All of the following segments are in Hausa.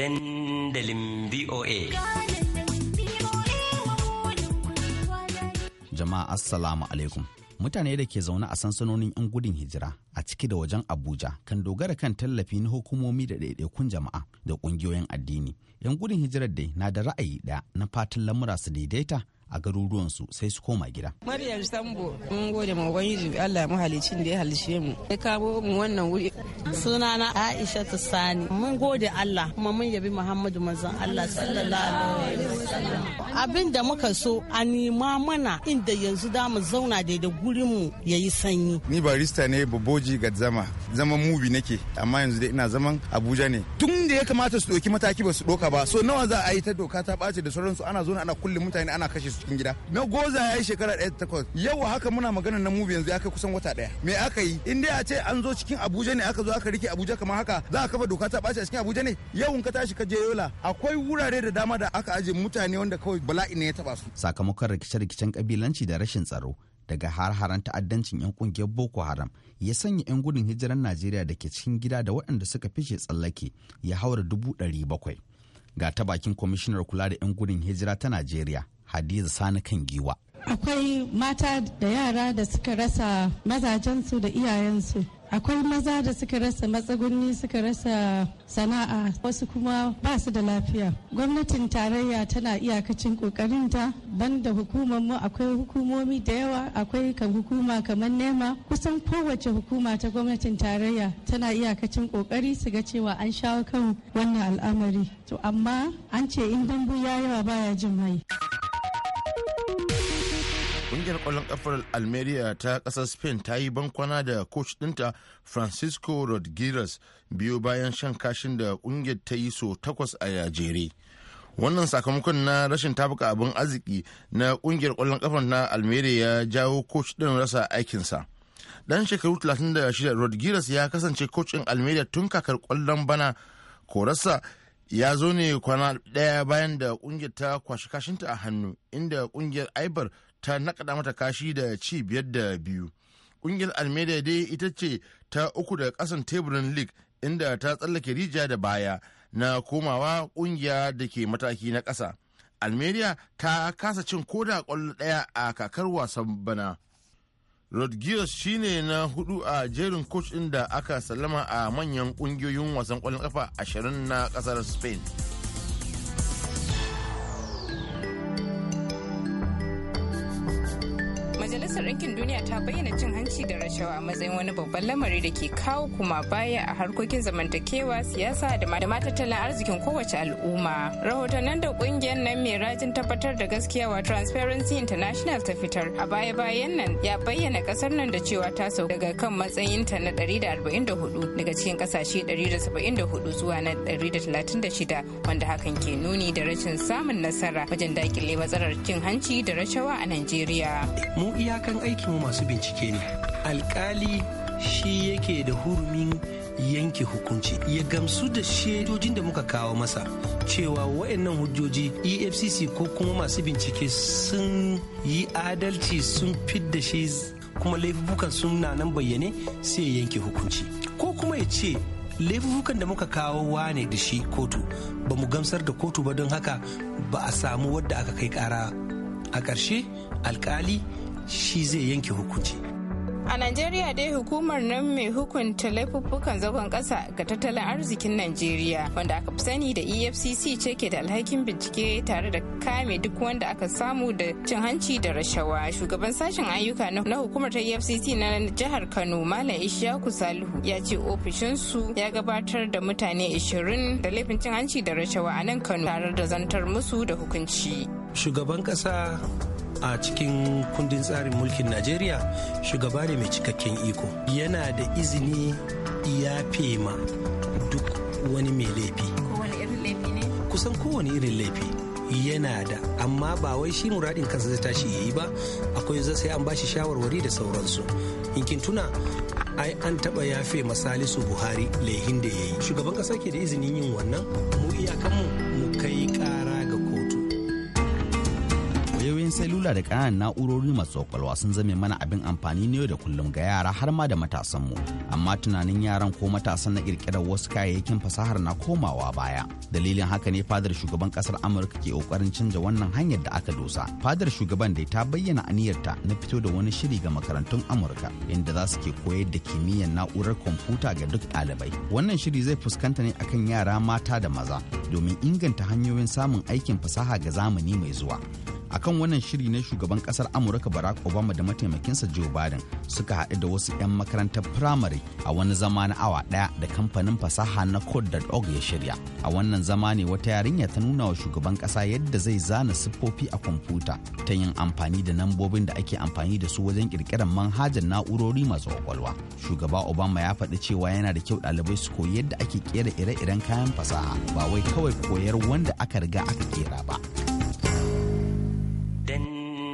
dandalin VOA. Jama'a Assalamu alaikum. Mutane da ke zaune a sansanonin 'yan gudun hijira a ciki da wajen Abuja kan dogara kan tallafi na hukumomi da ɗaiɗaikun jama'a da ƙungiyoyin addini. 'Yan gudun hijirar dai na da ra'ayi ɗaya na fatan lamura su daidaita a garuruwansu sai su koma gida. Maryam Sambo mun gode ma Ubangiji Allah mahalicin da ya halice mu. Ya kawo mu wannan wuri. Sunana Aisha Sani. Mun gode Allah kuma mun yabi Muhammadu manzon Allah sallallahu alaihi wasallam. Abin da muka so a nima mana inda yanzu da mu zauna daidai gurin mu yayi sanyi. Ni barista ne Boboji Gadzama. zama mubi nake amma yanzu dai ina zaman Abuja ne. Tun da ya kamata su doki mataki ba su doka ba. So nawa za a yi ta doka ta bace da sauransu ana zo ana kulle mutane ana kashe su. cikin gida na goza ya yi shekara ɗaya takwas yau haka muna magana na mu yanzu ya kai kusan wata ɗaya me aka yi in dai a ce an zo cikin abuja ne aka zo aka rike abuja kamar haka za a kafa doka ta ɓaci a cikin abuja ne yau in ka tashi ka je yola akwai wurare da dama da aka aje mutane wanda kawai bala'i ne ya taɓa su sakamakon rikice-rikicen kabilanci da rashin tsaro daga har-haren ta'addancin 'yan kungiyar boko haram ya sanya 'yan gudun hijirar najeriya da ke cikin gida da waɗanda suka fice tsallake ya haura dubu ɗari bakwai ga ta bakin kwamishinar kula da 'yan gudun hijira ta najeriya hadiza sani kan giwa akwai mata da yara da suka rasa mazajensu da iyayensu akwai maza da suka rasa matsagunni suka rasa sana'a wasu kuma ba su da lafiya gwamnatin tarayya tana iyakacin kokarinta banda hukumar mu akwai hukumomi da yawa akwai kan hukuma kamar nema kusan kowace hukuma ta gwamnatin tarayya tana iyakacin kokari su ga cewa an shawo kan wannan al'amari to amma an ce in dambu ya yawa baya jin mai kungiyar kwallon kafar almeria ta kasar spain ta yi bankwana da coach dinta francisco rodriguez biyu bayan shan kashin da kungiyar ta yi so takwas a yajere wannan sakamakon na rashin tabuka abin arziki na kungiyar kwallon kafar na almeria ya jawo coach din rasa aikinsa dan shekaru 36 rodriguez ya kasance din almeria tun kakar kwallon bana korarsa ya zo ne kwana daya bayan da kungiyar ta kwashi kashinta a hannu inda kungiyar aibar ta nakada mata kashi da ci biyar da biyu ƙungiyar almeida dai ita ce ta uku daga ƙasan teburin league inda ta tsallake rijiya da baya na komawa ƙungiya da ke mataki na ƙasa almeria ta kasa cin koda ƙwallo ɗaya a kakar wasan bana rodgers shine na hudu a jerin coach ɗin da aka sallama a manyan ƙungiyoyin wasan ƙwallon ƙafa ashirin na ƙasar spain majalisar ɗinkin duniya ta bayyana cin hanci da rashawa a matsayin wani babban lamari da ke kawo kuma baya a harkokin zamantakewa siyasa da ma tattalin arzikin kowace al'umma rahotannin da ƙungiyar nan mai rajin tabbatar da gaskiya wa transparency international ta fitar a baya bayan nan ya bayyana kasar nan da cewa ta sau daga kan matsayin ta na 144 daga cikin kasashe 174 zuwa na 136 wanda hakan ke nuni da rashin samun nasara wajen daƙile matsalar cin hanci da rashawa a najeriya mu iya matakan aikinmu masu bincike ne alkali shi yake da hurumin yanke hukunci ya gamsu da shedojin da muka kawo masa cewa waɗannan hujjoji efcc ko kuma masu bincike sun yi adalci sun fidda shi kuma laifukan sun na nan bayyane sai yanke hukunci ko kuma ya ce laifukan da muka kawo wane da shi kotu ba mu gamsar da kotu ba don haka ba a samu wadda aka kai kara a ƙarshe alkali shi zai yanke hukunci a najeriya dai hukumar nan mai hukunta laifuffukan zagon ƙasa ga tattalin arzikin najeriya wanda aka fi sani da efcc ce ke da alhakin bincike tare da kame duk wanda aka samu da cin hanci da rashawa shugaban sashen ayyuka na hukumar ta efcc na jihar kano malam ishaku salihu ya ce ofishinsu ya gabatar da mutane 20 da laifin cin hanci da rashawa a nan kano tare da zantar musu da hukunci shugaban kasa a cikin kundin tsarin mulkin najeriya shugaba ne mai cikakken iko yana da izini ya fema duk wani mai laifi kusan kowane irin laifi yana da amma ba wai shi muradin kansa zai tashi ya yi ba akwai zai sai an bashi shawarwari da sauransu in tuna ai an taba yafe Salisu buhari laihin da ya yi shugaban kasa ke da izinin yin wannan mu iyakanmu wayoyin salula da ƙananan na'urori masu kwakwalwa sun zame mana abin amfani ne da kullum ga yara har ma da matasanmu amma tunanin yaran ko matasan na kirkirar wasu kayayyakin fasahar na komawa baya dalilin haka ne fadar shugaban ƙasar amurka ke kokarin canja wannan hanyar da aka dosa fadar shugaban dai ta bayyana aniyarta na fito da wani shiri ga makarantun amurka inda za su ke koyar da kimiyyar na'urar kwamfuta ga duk ɗalibai wannan shiri zai fuskanta ne akan yara mata da maza domin inganta hanyoyin samun aikin fasaha ga zamani mai zuwa akan wannan shiri ne shugaban kasar amurka barack obama da mataimakinsa joe biden suka haɗu da wasu 'yan makarantar firamare a wani zama na awa ɗaya da kamfanin fasaha na code.org ya shirya a wannan zama ne wata yarinya ta nuna wa shugaban kasa yadda zai zana siffofi a kwamfuta ta yin amfani da nambobin da ake amfani da su wajen kirkirar manhajar na'urori masu kwakwalwa shugaba obama ya faɗi cewa yana da kyau ɗalibai su koyi yadda ake ƙera ire-iren kayan fasaha ba wai kawai koyar wanda aka riga aka ƙera ba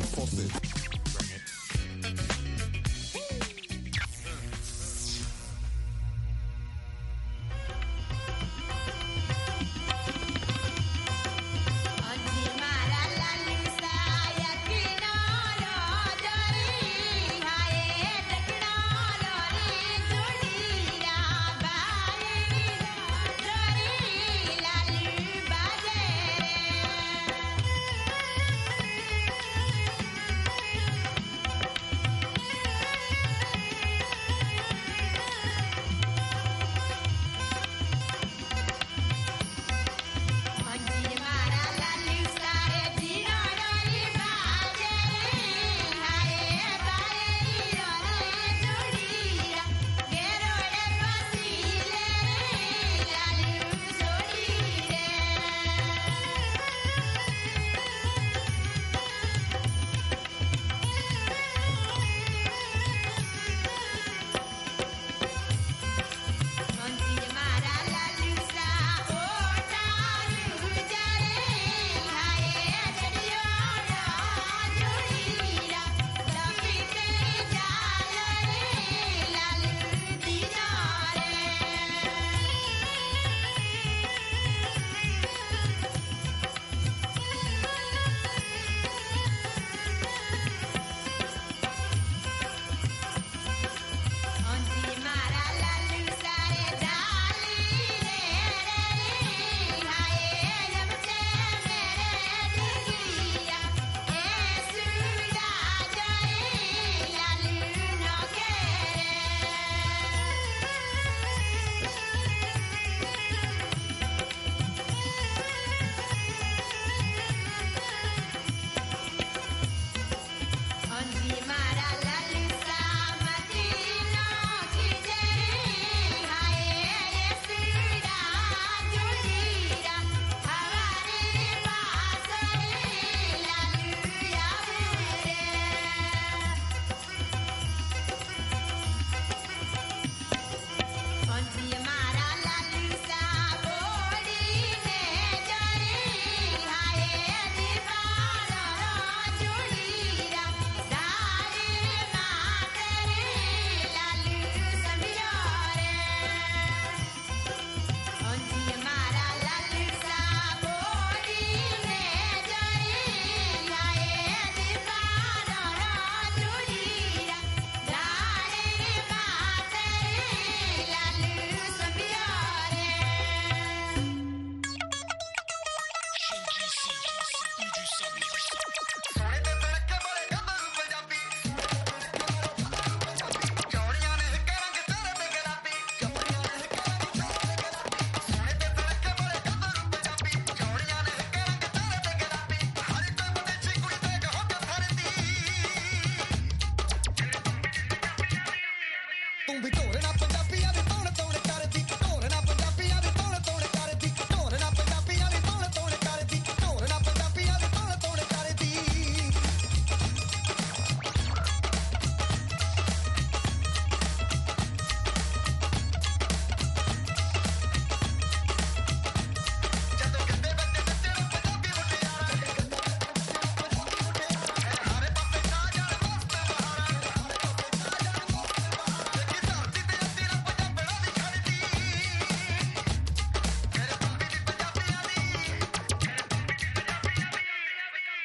market forces.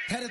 Had a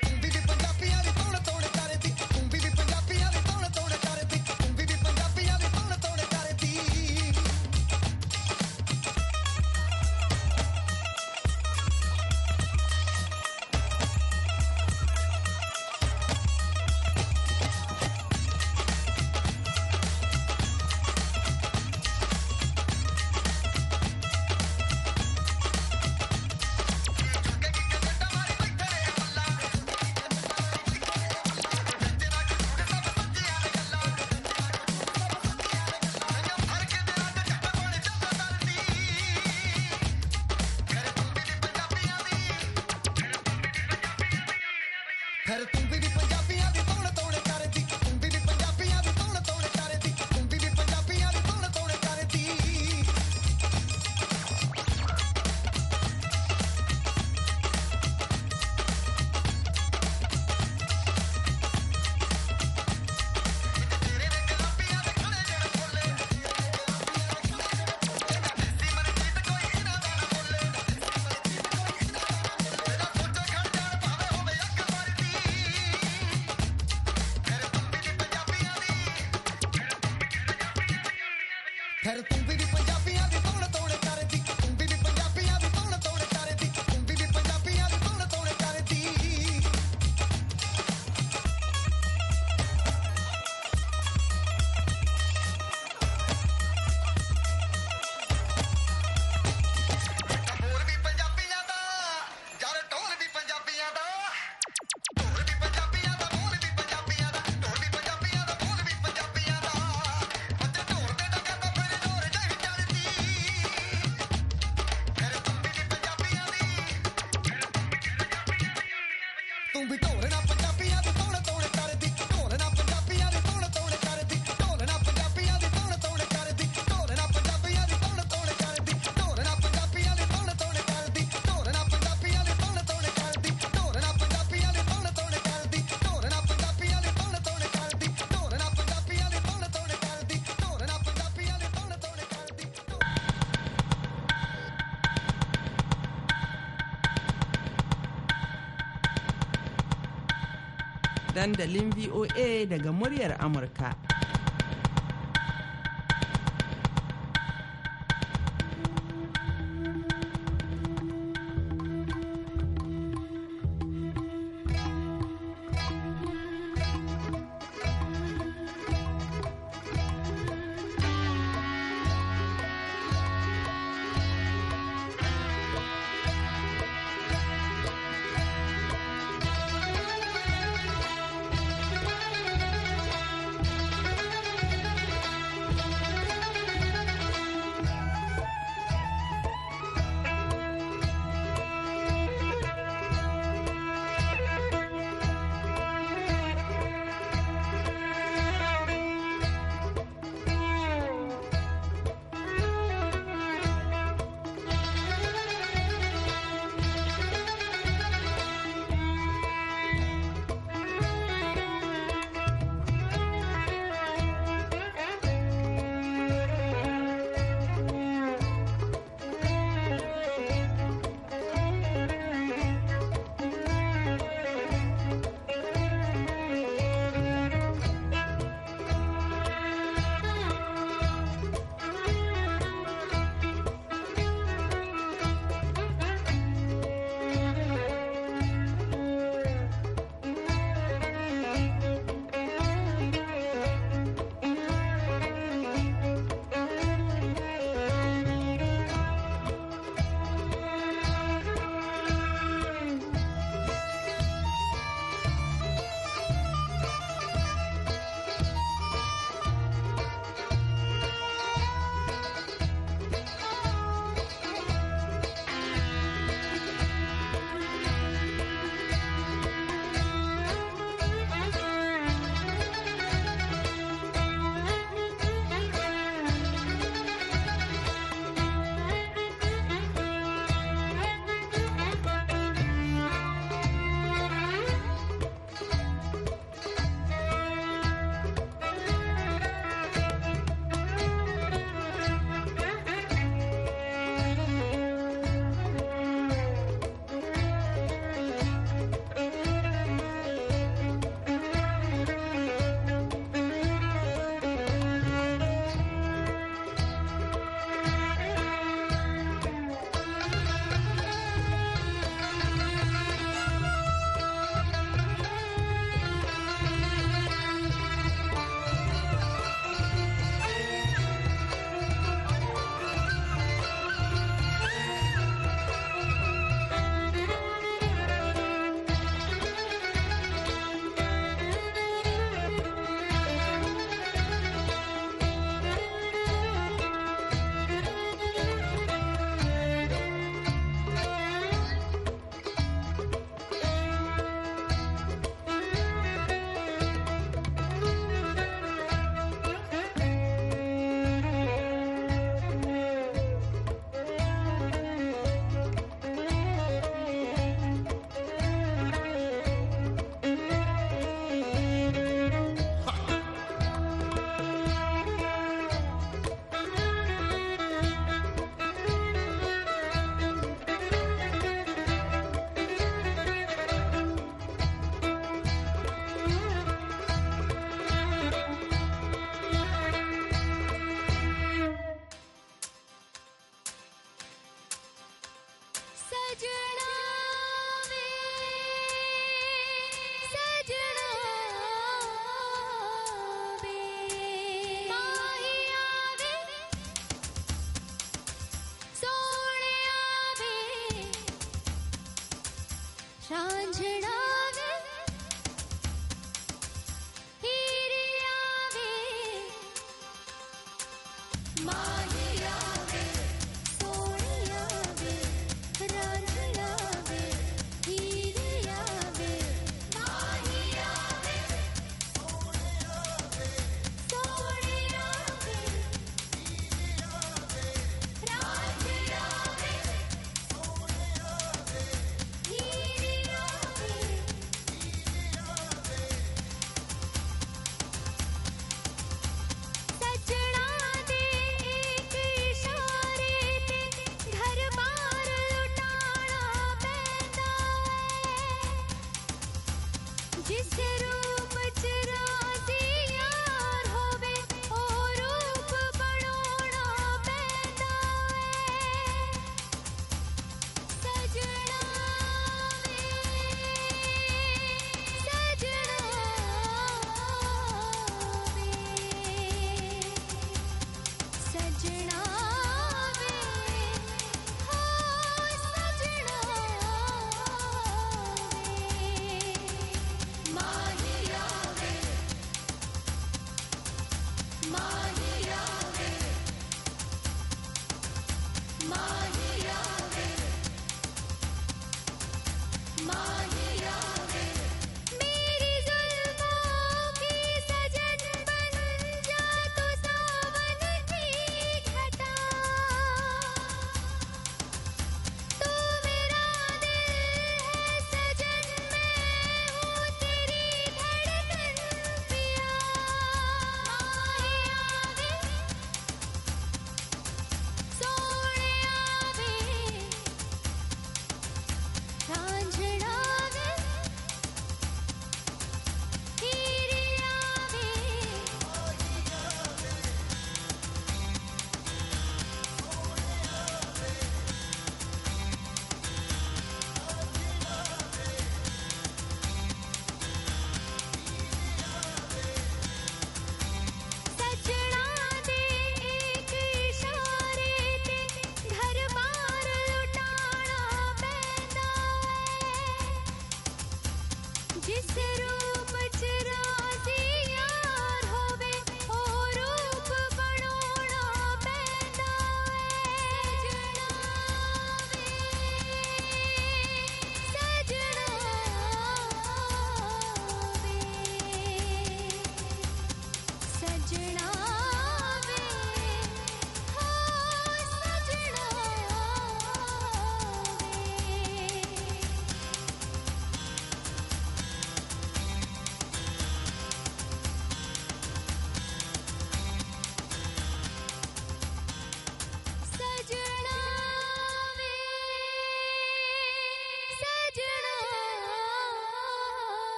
go. dandalin VOA daga muryar Amurka.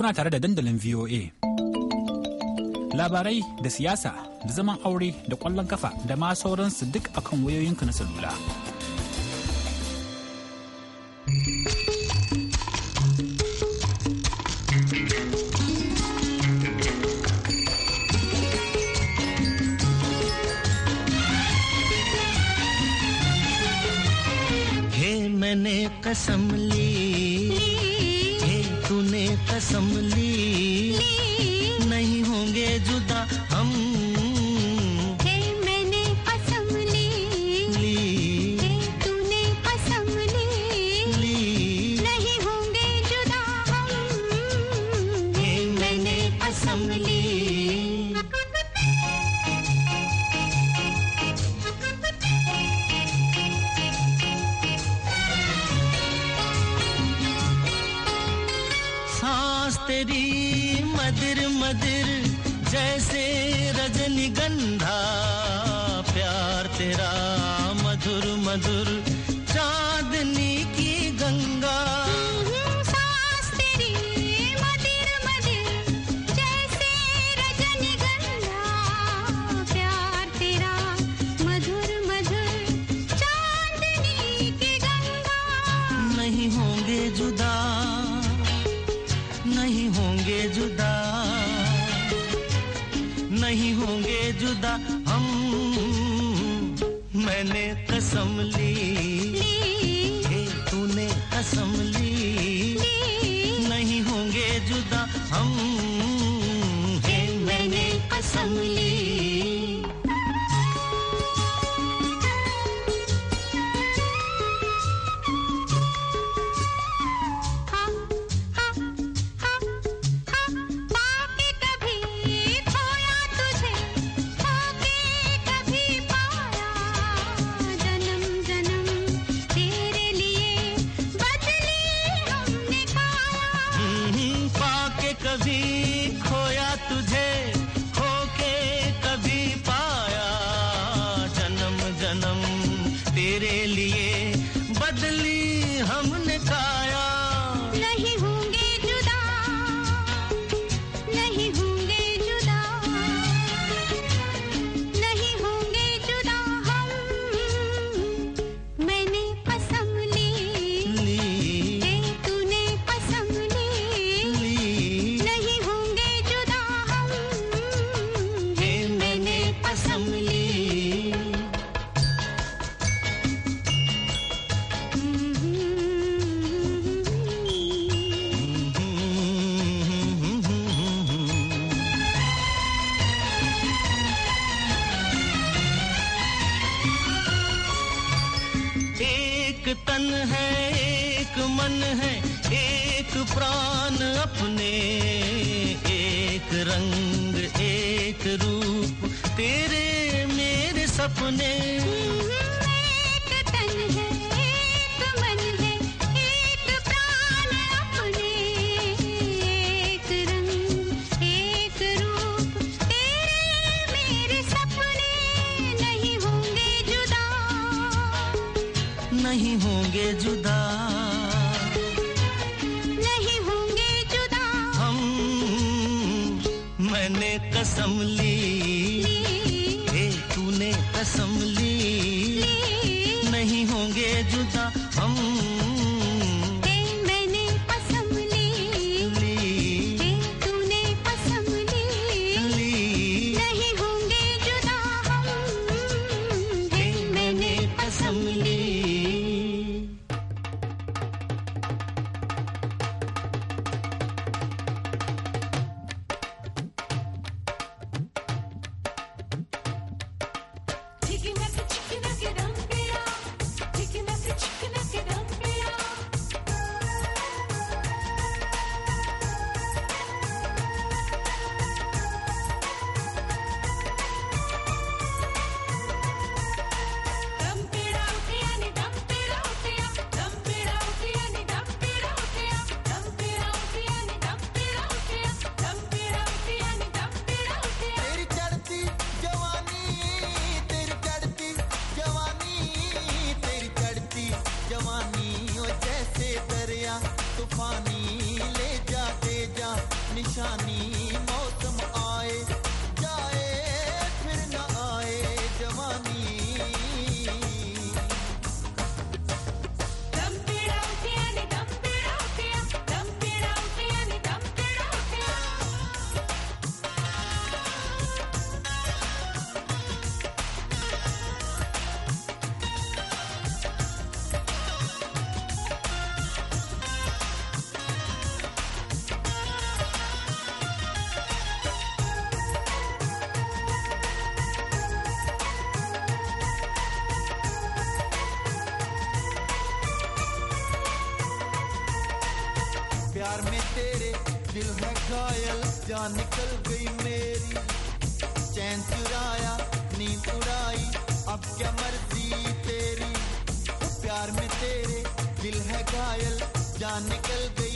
kuna tare da dandalin VOA. Labarai da siyasa da zaman aure da kwallon kafa da ma sauransu duk akan wayoyinka na salula. कसम ली कमली मन है एक प्राण अपने एक रंग एक रूप तेरे मेरे सपने कसम ली तूने कसम ली नहीं होंगे जुदा गई मेरी चैन चुराया नींद उड़ाई अब क्या मर्जी तेरी प्यार में तेरे दिल है घायल जान निकल गई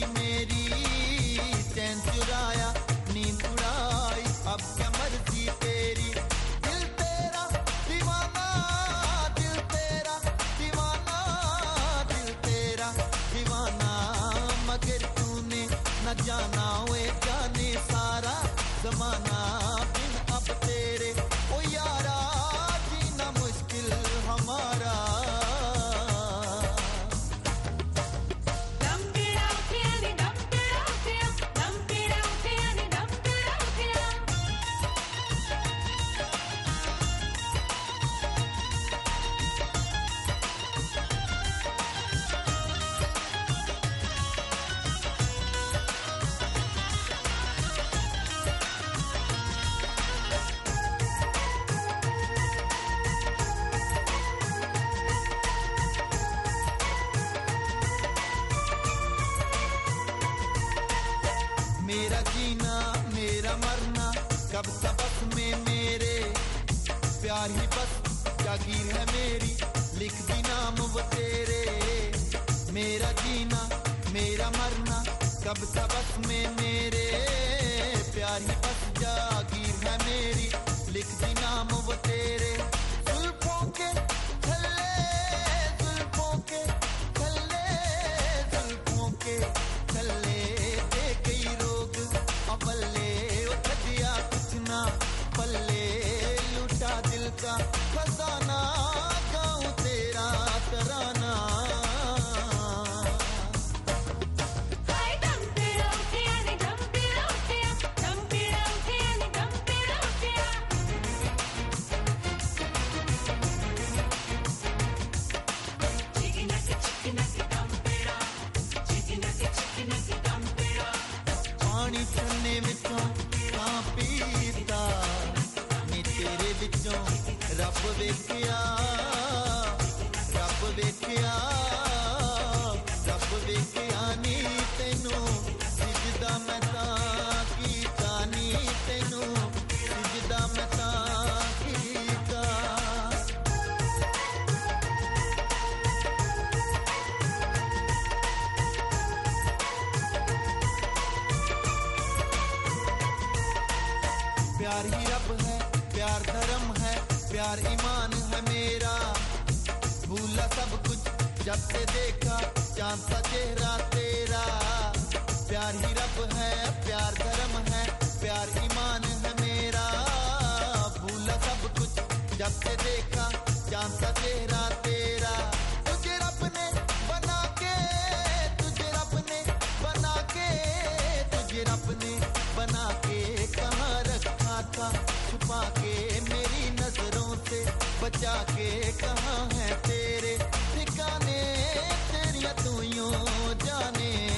प्यार ईमान है मेरा भूला सब कुछ जब से देखा चांद सा चेहरा तेरा प्यार ही रब है प्यार धर्म है प्यार ईमान है मेरा भूला सब कुछ जब से देखा चांद सा चेहरा बचा के कहा है तेरे ठिकाने तेरी तू जाने